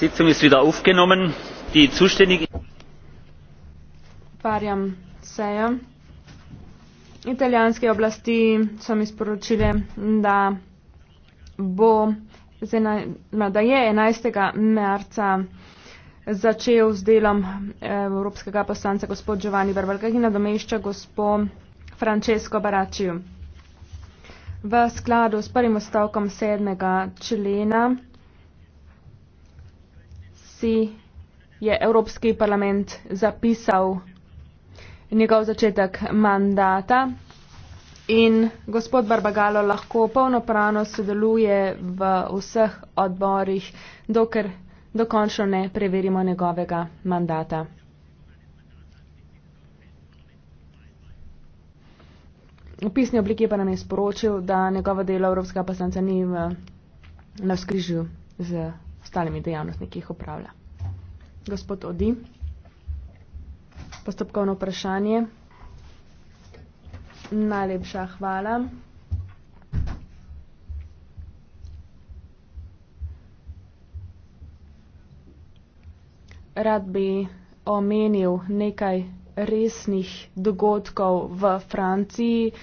die sitzung ist wieder aufgenommen. die zuständige. Pariam seja. Italijanske oblasti so mi sporočile, da, bo, no, da je 11. marca začel z delom eh, evropskega poslanca gospod Giovanni Barbalka in nadomešča gospod Francesco Baracciu. V skladu s prvim ostavkom 7. člena časi je Evropski parlament zapisal njegov začetek mandata in gospod Barbagalo lahko polnopravno sodeluje v vseh odborih, dokler dokončno ne preverimo njegovega mandata. V pisni obliki pa nam je sporočil, da njegovo delo Evropskega poslanca ni v navskrižju z ostalimi dejavnostmi, ki jih upravlja. Gospod Odi, postopkovno vprašanje. Najlepša hvala. Rad bi omenil nekaj resnih dogodkov v Franciji.